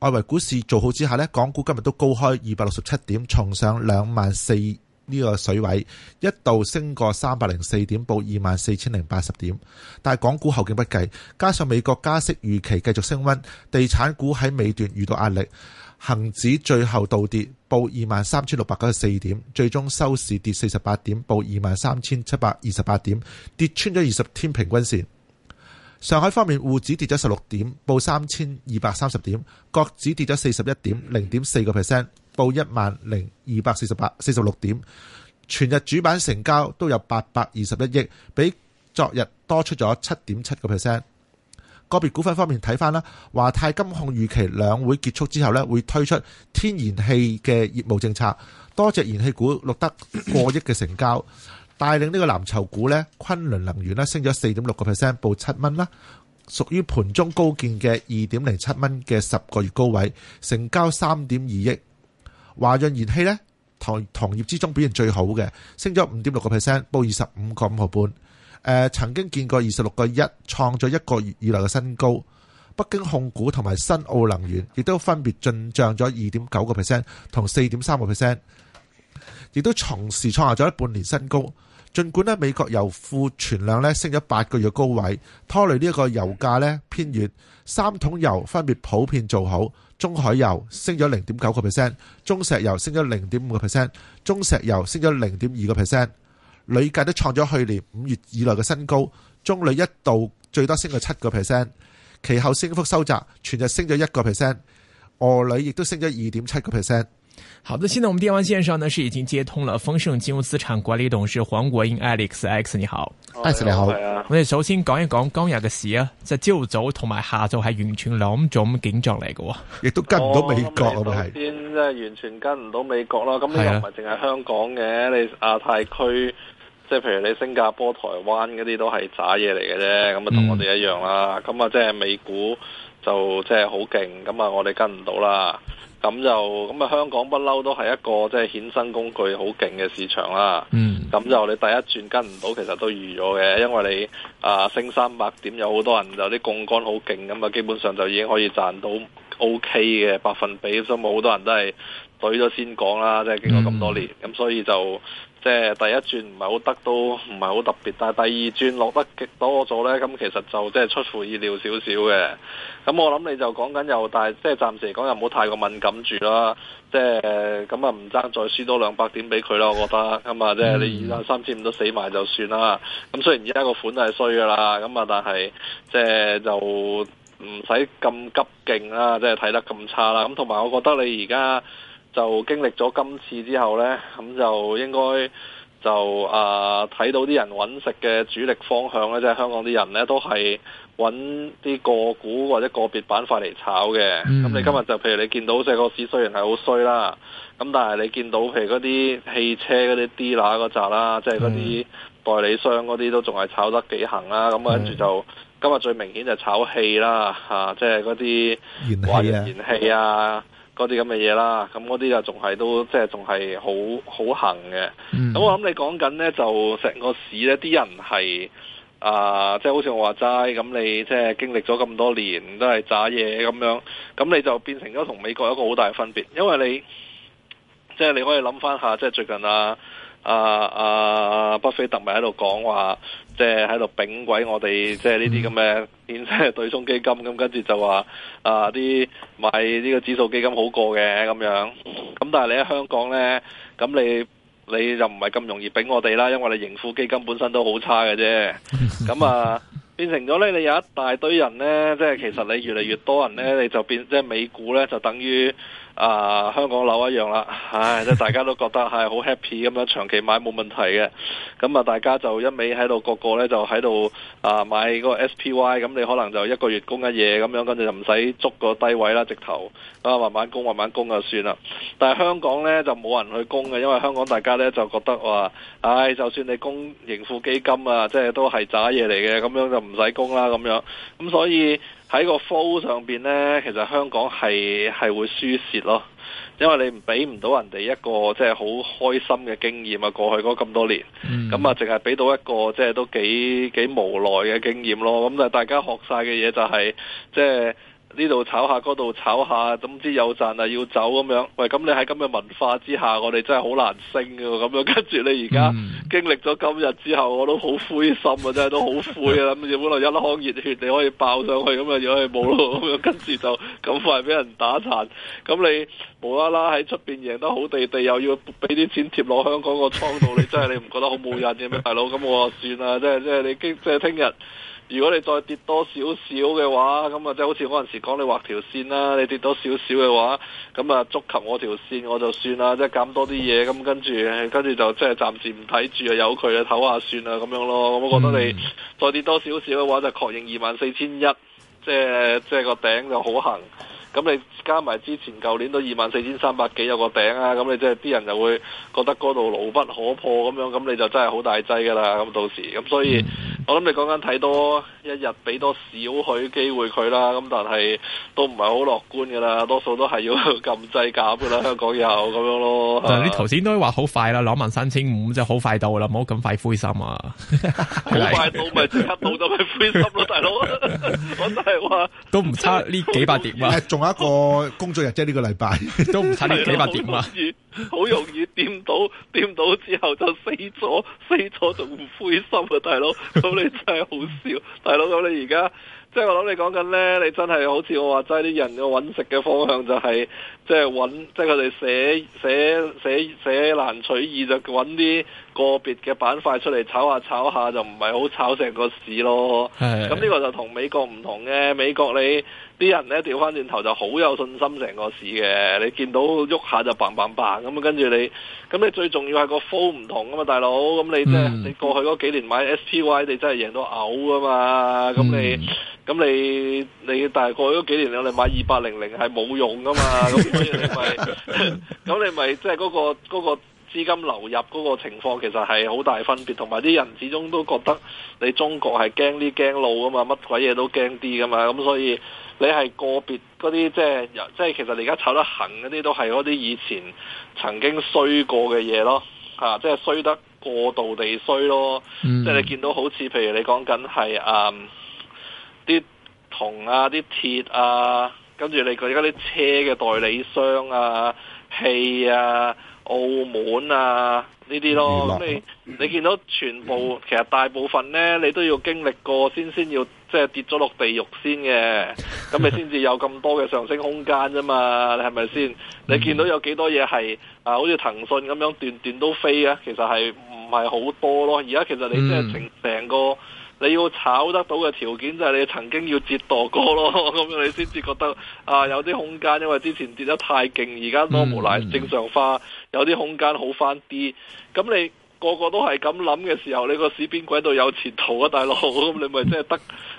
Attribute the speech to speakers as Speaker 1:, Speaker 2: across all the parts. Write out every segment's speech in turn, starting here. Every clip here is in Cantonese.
Speaker 1: 外圍股市做好之下呢，港股今日都高開二百六十七點，重上兩萬四呢個水位，一度升過三百零四點，報二萬四千零八十點。但係港股後勁不繼，加上美國加息預期繼續升溫，地產股喺尾段遇到壓力，恒指最後倒跌，報二萬三千六百九十四點，最終收市跌四十八點，報二萬三千七百二十八點，跌穿咗二十天平均線。上海方面，滬指跌咗十六點，報三千二百三十點，各指跌咗四十一點，零點四個 percent，報一萬零二百四十八四十六點。全日主板成交都有八百二十一億，比昨日多出咗七點七個 percent。個別股份方面睇返啦，華泰金控預期兩會結束之後呢，會推出天然氣嘅業務政策，多隻燃氣股錄得過億嘅成交。帶領呢個藍籌股呢，昆侖能源咧升咗四點六個 percent，報七蚊啦，屬於盤中高見嘅二點零七蚊嘅十個月高位，成交三點二億。華潤燃氣呢，同業之中表現最好嘅，升咗五點六個 percent，報二十五個五毫半。誒，曾經見過二十六個一，創咗一個月以嚟嘅新高。北京控股同埋新奧能源亦都分別進漲咗二點九個 percent 同四點三個 percent，亦都同時創下咗半年新高。盡管咧美國油庫存量咧升咗八個月高位，拖累呢一個油價咧偏軟。三桶油分別普遍做好，中海油升咗零點九個 percent，中石油升咗零點五個 percent，中石油升咗零點二個 percent。鋁價都創咗去年五月以來嘅新高，中鋁一度最多升咗七個 percent，其後升幅收窄，全日升咗一個 percent。俄鋁亦都升咗二點七個 percent。好的，現在我們電話線上呢是已經接通了豐盛金融
Speaker 2: 資產管理董事黃國英 Alex X，你好，Alex 你好，oh, you 我哋首先講一講今日嘅市啊，即係朝早同埋下晝係完全兩種景象嚟嘅，亦都跟唔到美國啊，係
Speaker 3: 真係完全跟唔到美國啦，咁是又唔係淨係香港嘅，你亞、啊、太區，即係譬如你新加坡、台灣嗰啲都係渣嘢嚟嘅啫，咁啊同我哋一樣啦，咁啊、嗯、即係美股就即係好勁，咁啊我哋跟唔到啦。咁就咁啊，香港不嬲都係一個即係衍生工具好勁嘅市場啦。咁、嗯、就你第一轉跟唔到，其實都預咗嘅，因為你啊、呃、升三百點有好多人就啲槓桿好勁，咁啊基本上就已經可以賺到 OK 嘅百分比，所以好多人都係對咗先講啦。即、就、係、是、經過咁多年，咁、嗯、所以就。即係第一轉唔係好得，都唔係好特別。但係第二轉落得極多咗呢，咁其實就即係出乎意料少少嘅。咁我諗你就講緊又，但係即係暫時嚟講又唔好太過敏感住啦。即係咁啊，唔 爭、就是、再輸多兩百點畀佢啦。我覺得咁啊，即係 你二三千五都死埋就算啦。咁雖然而家個款係衰噶啦，咁啊，但係即係就唔使咁急勁啦，即係睇得咁差啦。咁同埋我覺得你而家。就經歷咗今次之後呢，咁就應該就啊睇，呃、到啲人揾食嘅主力方向呢，即係香港啲人呢都係揾啲個股或者個別板塊嚟炒嘅。咁，嗯、你今日就譬如你見到即係個市雖然係好衰啦，咁但係你見到譬如嗰啲汽車嗰啲 D 拿嗰扎啦，即係嗰啲代理商嗰啲都仲係炒得幾行啦。咁跟住就今日最明顯就炒氣啦，嚇、啊！即係嗰啲
Speaker 1: 華潤、燃氣啊。
Speaker 3: 啊嗰啲咁嘅嘢啦，咁嗰啲就仲係都即係仲係好好行嘅。咁我諗你講緊呢，就成個市呢啲人係啊，即係好似我話齋咁，你即係經歷咗咁多年都係渣嘢咁樣，咁你就變成咗同美國有一個好大嘅分別，因為你即係你可以諗返下，即係最近啊。啊啊！巴菲特咪喺度講話，即係喺度嵜鬼我哋，即係呢啲咁嘅衍生對沖基金咁，跟住就話啊啲買呢個指數基金好過嘅咁樣。咁但係你喺香港呢，咁你你就唔係咁容易嵜我哋啦，因為你盈富基金本身都好差嘅啫。咁 啊，變成咗呢，你有一大堆人呢，即係其實你越嚟越多人呢，你就變即係美股呢，就等於。啊，香港樓一樣啦，唉，即大家都覺得係好 happy 咁樣長期買冇問題嘅，咁啊，大家就一味喺度，個個呢，就喺度啊買個 SPY，咁你可能就一個月供一嘢咁樣，跟住就唔使捉個低位啦，直頭啊，慢慢供，慢慢供就算啦。但係香港呢，就冇人去供嘅，因為香港大家呢，就覺得話，唉，就算你供盈富基金啊，即係都係渣嘢嚟嘅，咁樣就唔使供啦，咁樣咁所以。喺個 flow 上邊呢，其實香港係係會輸蝕咯，因為你唔俾唔到人哋一個即係好開心嘅經驗啊！過去嗰咁多年，咁啊淨係俾到一個即係都幾幾無奈嘅經驗咯。咁就大家學晒嘅嘢就係、是、即係。呢度炒下，嗰度炒下，總之有賺啊，要走咁樣。喂，咁你喺咁嘅文化之下，我哋真係好難升㗎咁樣。跟住你而家經歷咗今日之後，我都好灰心啊，真係都好灰啊。咁原本一腔熱血你可以爆上去，咁啊，如果你冇咯咁樣。跟住就咁快俾人打殘。咁你無啦啦喺出邊贏得好地地，又要俾啲錢貼落香港個倉度，你真係你唔覺得好冇癮嘅咩，大佬？咁我算啦，即係即係你即係聽日。如果你再跌多少少嘅話，咁啊即係好似嗰陣時講你畫條線啦，你跌多少少嘅話，咁啊觸及我條線我就算啦，即係減多啲嘢，咁跟住跟住就即係暫時唔睇住啊，由佢啊，唞下算啦咁樣咯。咁我覺得你再跌多少少嘅話，就確認二萬四千一，即係即係個頂就好行。咁你加埋之前舊年都二萬四千三百幾有個頂啊，咁你即係啲人就會覺得嗰度牢不可破咁樣，咁你就真係好大劑㗎啦。咁到時咁所以。嗯我諗你講緊睇多一日多，俾多少許機會佢啦。咁但係都唔係好樂觀噶啦，多數都係要撳制減噶啦。香港有咁樣咯。 但係你頭
Speaker 2: 先都話好快啦，兩萬三千五就好快到啦，唔好咁快灰心啊！好
Speaker 3: 快到咪即刻到咗咪灰心咯，大佬。 我都係話都唔差呢幾百點啊！
Speaker 1: 仲有 一個工作日即係呢個禮拜， 都唔差呢幾百點啊！
Speaker 3: 好 容易掂到，掂到之後就死咗，死咗就唔灰心啊，大佬！咁你真係好笑，大佬，咁你而家，即係我諗你講緊呢，你真係好似我話齋啲人嘅揾食嘅方向就係、是，即係揾，即係佢哋寫寫寫寫，寫難取易就揾啲。個別嘅板塊出嚟炒下炒下就唔係好炒成個市咯。咁呢個就同美國唔同嘅，美國你啲人咧調翻轉頭就好有信心成個市嘅。你見到喐下就嘭嘭嘭咁啊，跟、嗯、住、嗯、你咁、嗯、 你最重要係個 flow 唔同啊嘛，大佬。咁你即係你過去嗰幾年買 SPY，你真係贏到嘔啊 嘛。咁你咁 你你大過咗幾年，你買二八零零係冇用噶嘛。咁所以你咪咁你咪即係嗰個個。資金流入嗰個情況其實係好大分別，同埋啲人始終都覺得你中國係驚啲驚路啊嘛，乜鬼嘢都驚啲噶嘛，咁所以你係個別嗰啲即係即係其實你而家炒得行嗰啲都係嗰啲以前曾經衰過嘅嘢咯，嚇、啊，即係衰得過度地衰咯，mm. 即係你見到好似譬如你講緊係啊啲銅啊、啲鐵啊，跟住你佢而家啲車嘅代理商啊、氣啊。澳門啊呢啲咯，咁、嗯、你你見到全部其實大部分呢，你都要經歷過先先要即係跌咗落地獄先嘅，咁 你先至有咁多嘅上升空間啫嘛，你係咪先？嗯、你見到有幾多嘢係啊，好似騰訊咁樣段段都飛啊，其實係唔係好多咯？而家其實你即係成成個。嗯你要炒得到嘅條件就係你曾經要折墮過咯，咁 樣你先至覺得啊有啲空間，因為之前跌得太勁，而家都無賴正常化，有啲空間好翻啲。咁你個個都係咁諗嘅時候，你個市邊鬼度有前途啊，大佬？咁你咪真係得，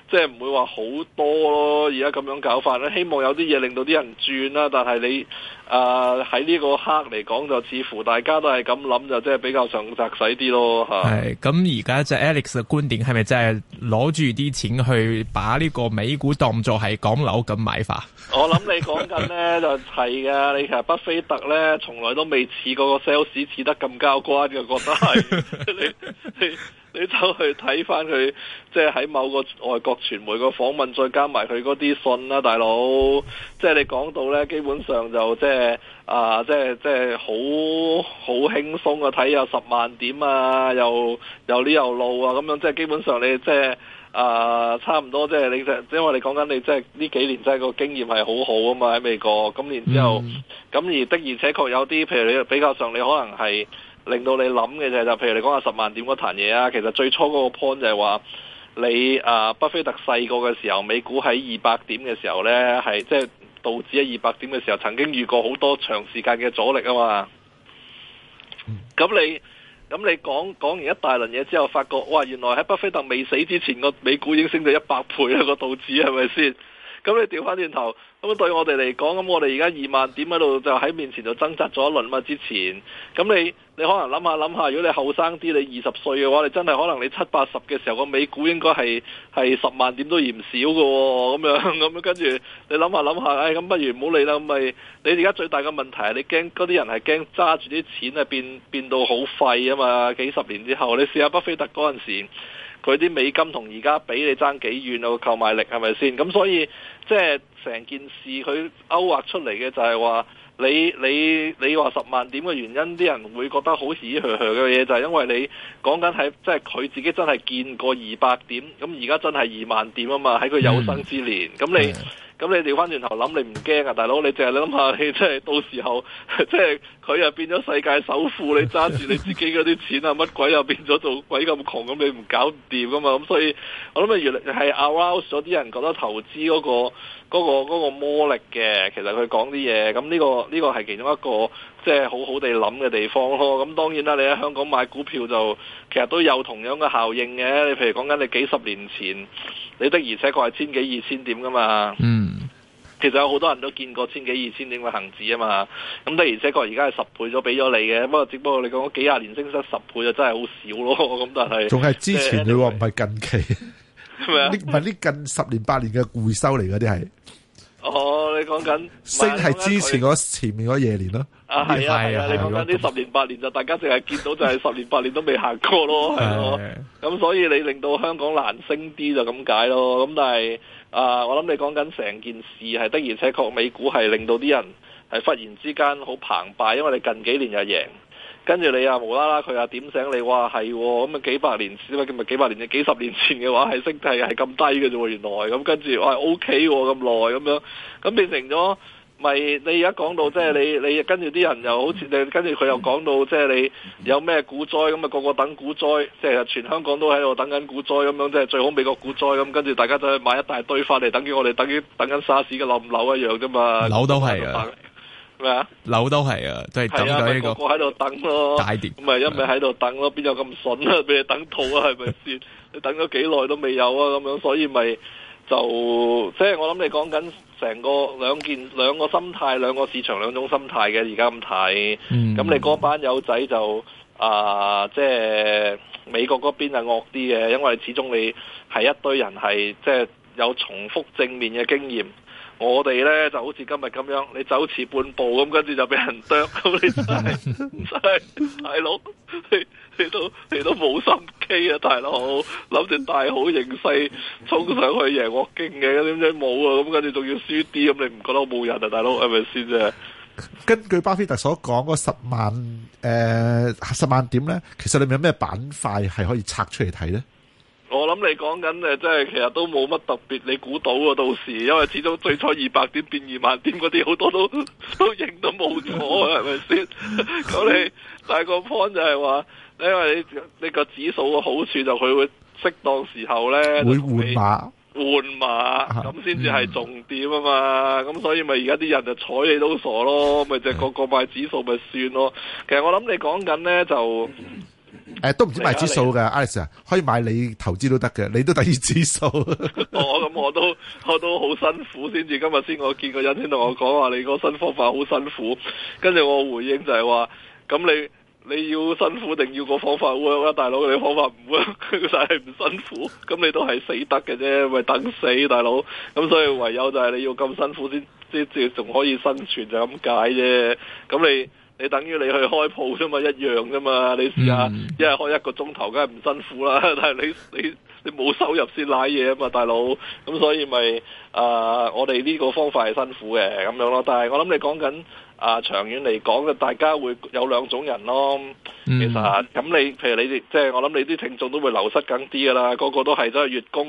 Speaker 3: 即係唔會話好多咯。而家咁樣搞法咧，希望有啲嘢令到啲人轉啦。但係你。誒，喺呢、呃、個刻嚟講就，似乎大家都係咁諗，就即係比較上窄使啲咯吓。
Speaker 2: 係咁而家就 Alex 嘅觀點，係咪真係攞住啲錢去把呢個美股當作係港樓咁買法？
Speaker 3: 我諗你講緊咧就係、是、噶， 你其實巴菲特咧從來都未似過個 sales 似得咁交關嘅，覺得係你你，你走去睇翻佢，即係喺某個外國傳媒個訪問，再加埋佢嗰啲信啦、啊，大佬，即、就、係、是、你講到咧，基本上就即、是、係。誒，啊、呃，即係即係好好輕鬆嘅睇，有十萬點啊，又又呢又路啊，咁樣即係基本上你即係啊，差唔多即係你,你即係，因為我哋講緊你即係呢幾年真係個經驗係好好啊嘛，喺美國咁然之後，咁、嗯、而的而且確有啲，譬如你比較上你可能係令到你諗嘅就係、是、就譬如你講下十萬點嗰壇嘢啊，其實最初嗰個 point 就係話你啊，巴菲特細個嘅時候，美股喺二百點嘅時候咧，係即係。道指喺二百點嘅時候，曾經遇過好多長時間嘅阻力啊嘛。咁你咁你講講完一大輪嘢之後，發覺哇，原來喺巴菲特未死之前，個美股已經升咗一百倍啦，個道指係咪先？咁你調翻轉頭。咁對我哋嚟講，咁我哋而家二萬點喺度，就喺面前就掙扎咗一輪嘛。之前，咁你你可能諗下諗下，如果你後生啲，你二十歲嘅話，你真係可能你七八十嘅時候，個美股應該係係十萬點都嫌少嘅喎，咁樣咁跟住你諗下諗下，唉，咁不如唔好理啦，咁咪你而家最大嘅問題係你驚嗰啲人係驚揸住啲錢啊，變變到好廢啊嘛！幾十年之後，你試下巴菲特嗰陣時。佢啲美金同而家比你爭幾遠啊？個購買力係咪先？咁所以即係成件事劃，佢勾畫出嚟嘅就係話你你你話十萬點嘅原因，啲人會覺得好唏噓噥嘅嘢，就係、是、因為你講緊係即係佢自己真係見過二百點，咁而家真係二萬點啊嘛，喺佢有生之年，咁、嗯、你。咁你調翻轉頭諗，你唔驚啊，大佬！你淨係諗下，你即係到時候，即係佢又變咗世界首富，你揸住你自己嗰啲錢啊，乜鬼又變咗做鬼咁窮，咁你唔搞掂吖嘛？咁所以，我諗咪原嚟係 arouse 咗啲人覺得投資嗰個嗰個嗰個魔力嘅。其實佢講啲嘢，咁呢個呢個係其中一個。即係好好地諗嘅地方咯，咁當然啦！你喺香港買股票就其實都有同樣嘅效應嘅。你譬如講緊你幾十年前，你的而且確係千幾二千點噶嘛。嗯，其實有好多人都見過千幾二千點嘅恒指啊嘛。咁的而且確而家係十倍咗俾咗你嘅，不過只不過你講幾廿年升失十倍就真係好少咯。咁但係，仲係之前你
Speaker 1: 話唔係近期，
Speaker 3: 係咪啊？呢近
Speaker 1: 十年八年嘅固收嚟嘅啲係。哦。
Speaker 3: 你講緊升係之前嗰
Speaker 1: 前面嗰廿年咯，
Speaker 3: 係啊！你講緊呢十年八年就大家淨係見到就係十年八年都未行過咯，係咯。咁所以你令到香港難升啲就咁解咯。咁但係啊、呃，我諗你講緊成件事係的而且確美股係令到啲人係忽然之間好澎湃，因為你近幾年又贏。跟住你啊，無啦啦佢啊點醒你？哇，係咁啊幾百年前，啊，咪幾百年前，幾十年前嘅話係息係係咁低嘅啫喎，原來咁，跟住哇 OK 喎、哦，咁耐咁樣，咁變成咗咪、就是、你而家講到即係你你跟住啲人又好似你、嗯、跟住佢又講到即係、就是、你有咩股災咁啊，個個等股災，即係全香港都喺度等緊股災咁樣，即係最好美國股災咁，跟住大家都去買一大堆翻嚟，等於我哋等於等緊沙士嘅冧樓一樣啫嘛，樓都係啊。咩啊？
Speaker 2: 樓都係啊，都、就、係、是、等緊呢個。個個喺
Speaker 3: 度等咯，大跌。咁咪一咪喺度等咯，邊有咁筍啊？俾你等肚啊，係咪先？你等咗幾耐都未有啊？咁樣，所以咪就即係、就是、我諗你講緊成個兩件兩個心態，兩個市場兩種心態嘅而家咁睇。咁、嗯、你嗰班友仔就啊，即、呃、係、就是、美國嗰邊係惡啲嘅，因為始終你係一堆人係即係有重複正面嘅經驗。我哋咧，就好似今日咁樣，你走遲半步咁，跟住就俾人啄咁。你真係真係，大佬你你都你都冇心機啊！大佬諗住大好形勢衝上去贏我京嘅，點解冇啊！咁跟住仲要輸啲，咁你唔覺得我冇人啊？大佬係咪先啫？是是
Speaker 1: 根據巴菲特所講嗰十萬誒、呃、十萬點咧，其實裏面有咩板塊係可以拆出嚟睇咧？
Speaker 3: 我諗你講緊誒，即係其實都冇乜特別，你估到啊？到時因為始終最初二百點變二萬點嗰啲，好多都都影都冇咗，係咪先？咁你大個 point 就係話，因為你你個指數嘅好處就佢會適當時候咧會換馬換馬，咁先至係重點啊嘛。咁、嗯、所以咪而家啲人就睬你都傻咯，咪即係個個買指數咪算咯。其實我諗你講緊咧就。
Speaker 1: 誒，都唔止買指數嘅，Alex，可以買你投資都得嘅，你都第二指數。
Speaker 3: 我咁我都我都好辛苦先至，今日先我見個人先同我講話，你個新方法好辛苦。跟住我回應就係話：咁你你要辛苦定要個方法？哇！大佬你方法唔好，但係唔辛苦，咁你都係死得嘅啫，咪等死大佬。咁所以唯有就係你要咁辛苦先，先至仲可以生存就咁解啫。咁你。你等於你去開鋪啫嘛，一樣啫嘛。你試下，mm hmm. 一日開一個鐘頭，梗係唔辛苦啦。但係你你你冇收入先瀨嘢啊嘛，大佬。咁所以咪啊、呃，我哋呢個方法係辛苦嘅咁樣咯。但係我諗你講緊啊長遠嚟講嘅，大家會有兩種人咯。其實咁、啊、你，譬如你哋，即係我諗你啲聽眾都會流失緊啲㗎啦。個個都係都係月供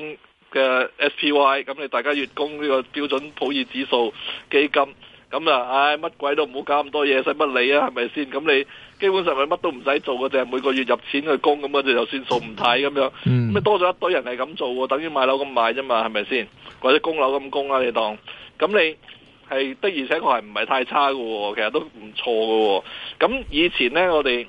Speaker 3: 嘅 SPY，咁你大家月供呢個標準普爾指數基金。咁啊，唉，乜鬼都唔好搞咁多嘢，使乜理啊？係咪先？咁你基本上咪乜都唔使做嘅，就係每個月入錢去供咁樣，就就算數唔睇咁樣。咁咪多咗一堆人係咁做嘅，等於買樓咁買啫嘛，係咪先？或者供樓咁供啊，你當。咁你係的，而且確係唔係太差嘅，其實都唔錯嘅。咁以前呢，我哋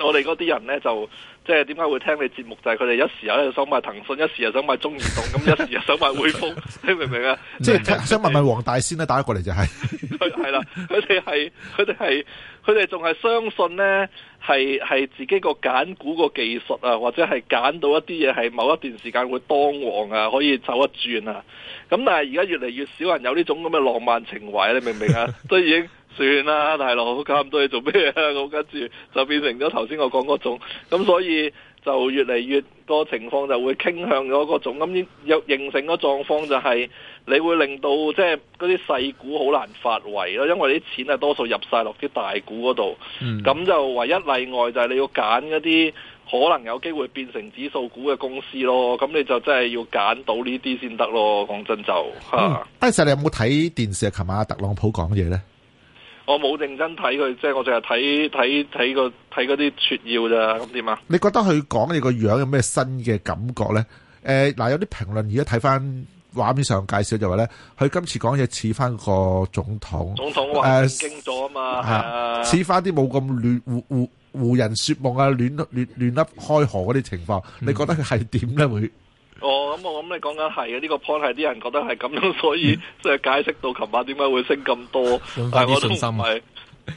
Speaker 3: 我哋嗰啲人呢就。即係點解會聽你節目？就係佢哋一時又想買騰訊，一時又想買中移動，咁 一時又想買匯豐，你明唔明啊？即
Speaker 1: 係想問問黃大仙咧，打咗過嚟就係、
Speaker 3: 係，係 啦， 佢哋係，佢哋係，佢哋仲係相信呢係係自己個揀股個技術啊，或者係揀到一啲嘢係某一段時間會當王啊，可以走一轉啊。咁但係而家越嚟越少人有呢種咁嘅浪漫情懷，啊，你明唔明啊？都已經。算啦，大佬搞咁多嘢做咩啊？咁 跟住就變成咗頭先我講嗰種咁，所以就越嚟越多個情況就會傾向咗嗰種咁，有形成個狀況就係你會令到即係嗰啲細股好難發圍咯，因為啲錢係多數入晒落啲大股嗰度。咁、嗯、就唯一例外就係你要揀一啲可能有機會變成指數股嘅公司咯。咁你就真係要揀到呢啲先得咯。講真就
Speaker 1: 吓。阿、啊嗯、你有冇睇電視？琴晚特朗普講嘢呢？
Speaker 3: 我冇認真睇佢，即係我淨係睇睇睇個睇嗰啲撮要咋，咁點啊？
Speaker 1: 你覺得佢講嘢個樣有咩新嘅感覺咧？誒、呃，嗱、呃，有啲評論而家睇翻畫面上介紹就話咧，佢今次講嘢似翻個總統，總統誒驚咗啊嘛，似翻啲冇咁亂胡胡胡人說夢啊，亂亂亂粒開河嗰啲情況，嗯、你覺得佢係點咧會？
Speaker 3: 哦，咁我諗你講緊係啊。呢個 point 係啲人覺得係咁樣，所以即係解釋到琴晚點解會升咁多，但係我都，信心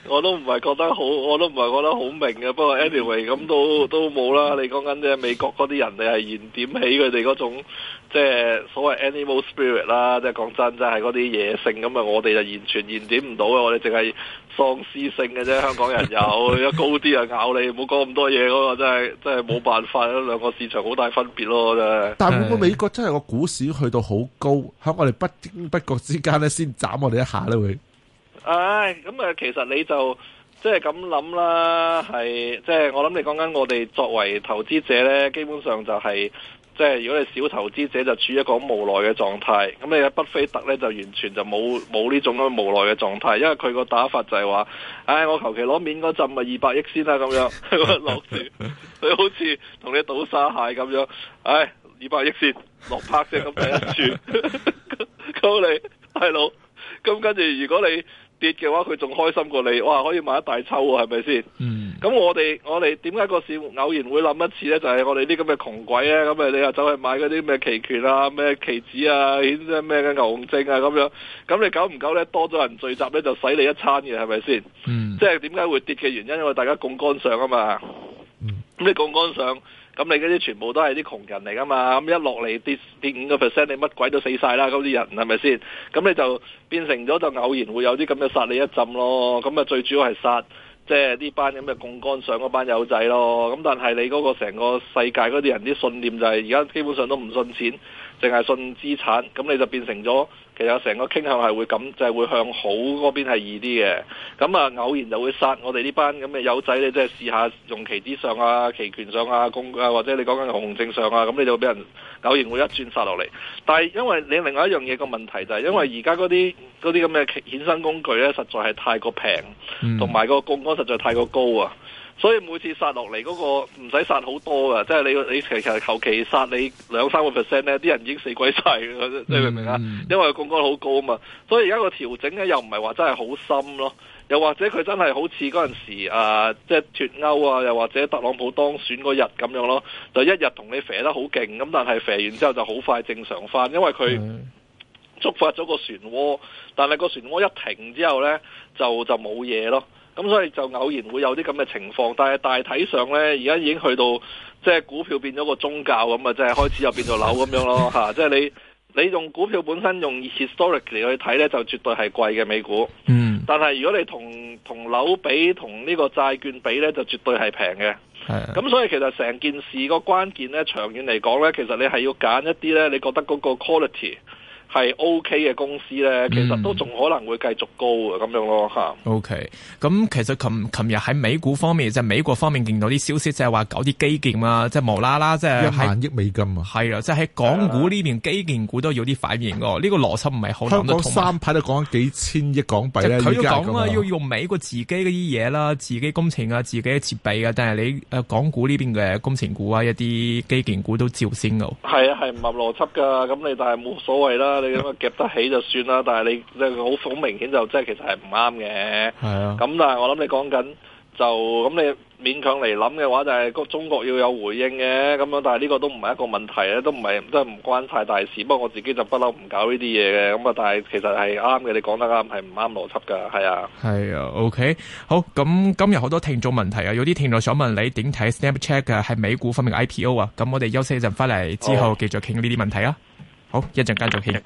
Speaker 3: 我都唔係覺得好，我都唔係覺得好明嘅。不過 anyway 咁都都冇啦。你講緊即係美國嗰啲人，你係燃點起佢哋嗰種即係所謂 animal spirit 啦。即係講真，真係嗰啲野性咁啊！我哋就完全燃點唔到啊！我哋淨係喪屍性嘅啫。香港人有高一高啲啊，咬你！唔好講咁多嘢嗰、嗰個真係真係冇辦法。兩個市場好大分別咯，真係。但係如果
Speaker 1: 美國真係個股市去到好高，喺我哋不經不覺之間咧，先斬我哋一下咧會。
Speaker 3: 唉，咁啊、哎嗯，其實你就即係咁諗啦，係即係我諗你講緊我哋作為投資者呢，基本上就係、是、即係如果你小投資者就處一個無奈嘅狀態，咁你喺巴菲特呢，就完全就冇冇呢種咁無奈嘅狀態，因為佢個打法就係話，唉、哎，我求其攞面嗰陣咪二百億先啦、啊，咁樣 落住，佢好似同你倒沙蟹咁樣，唉、哎，二百億先落拍聲咁第一注，咁 你大佬，咁跟住如果你。跌嘅、嗯、話，佢仲開心過你，哇！可以買一大抽喎，係咪先？嗯。咁我哋我哋點解個市偶然會諗一次咧？就係、是、我哋啲咁嘅窮鬼啊，咁啊你又走去買嗰啲咩期權啊、咩期指啊、咩牛熊證啊咁樣。咁你久唔久咧多咗人聚集咧，就使你一餐嘅係咪先？是是嗯。即係點解會跌嘅原因，因為大家槓桿上啊嘛。咁你槓桿上。咁你嗰啲全部都係啲窮人嚟噶嘛？咁一落嚟跌跌五個 percent，你乜鬼都死晒啦！嗰啲人係咪先？咁你就變成咗就偶然會有啲咁嘅殺你一浸咯。咁啊，最主要係殺即係呢班咁嘅槓桿上嗰班友仔咯。咁但係你嗰個成個世界嗰啲人啲信念就係而家基本上都唔信錢，淨係信資產。咁你就變成咗。其實成個傾向係會咁，就係、是、會向好嗰邊係易啲嘅。咁啊，偶然就會殺我哋呢班咁嘅友仔，你即係試下用期指上啊、期權上啊、公啊，或者你講緊紅證上啊，咁你就會俾人偶然會一轉殺落嚟。但係因為你另外一樣嘢個問題就係，因為而家嗰啲啲咁嘅衍生工具咧，實在係太過平，同埋、嗯、個槓桿實在太過高啊。所以每次殺落嚟嗰個唔使殺好多噶，即係你你其實求其殺你兩三個 percent 咧，啲人已經死鬼晒。你明唔明啊？嗯嗯、因為佢槓桿好高啊嘛，所以而家個調整咧又唔係話真係好深咯，又或者佢真係好似嗰陣時啊，即係脱歐啊，又或者特朗普當選嗰日咁樣咯，就一日同你肥得好勁咁，但係肥完之後就好快正常翻，因為佢觸發咗個漩渦，但係個漩渦一停之後咧就就冇嘢咯。咁所以就偶然會有啲咁嘅情況，但係大體上呢，而家已經去到即係股票變咗個宗教咁 啊，即係開始又變做樓咁樣咯嚇。即係你你用股票本身用 historically 去睇呢，就絕對係貴嘅美股。嗯。但係如果你同同樓比，同呢個債券比呢，就絕對係平嘅。係。咁所以其實成件事個關鍵呢，長遠嚟講呢，其實你係要揀一啲呢，你覺得嗰個 quality。係 O K 嘅公司咧，其實都仲可能會繼續高嘅咁、嗯、樣咯、啊、嚇。
Speaker 2: O K，咁其實琴琴日喺美股方面，就係、是、美國方面見到啲消息，就係、是、話搞啲基建啦，即、就、係、是、無啦啦，即係一萬億美金啊！係啊，即係喺港股呢邊基建股都有啲反應㗎。呢 個邏輯唔係好難得香港三
Speaker 1: 排都講幾千億港幣，佢要講啊，啊
Speaker 2: 要用美國自己嗰啲嘢啦，自己工程啊，自己設備啊。但係你誒、呃、港股呢邊嘅工程股啊，一啲基建股都照先㗎。係啊 ，
Speaker 3: 係唔合邏輯㗎。咁你就係冇所謂啦。 你夾得起就算啦，但係你即係好好明顯就即係其實係唔啱嘅。係啊，咁但係我諗你講緊就咁，你勉強嚟諗嘅話，就係中國要有回應嘅咁樣。但係呢個都唔係一個問題咧，都唔係即係唔關太大事。不過我自己就不嬲唔搞呢啲嘢嘅。咁啊，但係其實係啱嘅，你講得啱係唔啱邏輯㗎。係啊，係啊
Speaker 2: ，OK，好。咁今日好多聽眾問題啊，有啲聽眾想問你點睇 Snapchat 嘅係美股方面嘅 IPO 啊？咁、啊、我哋休息一陣返嚟之後繼續傾呢啲問題啊。哦好，一陣間就傾。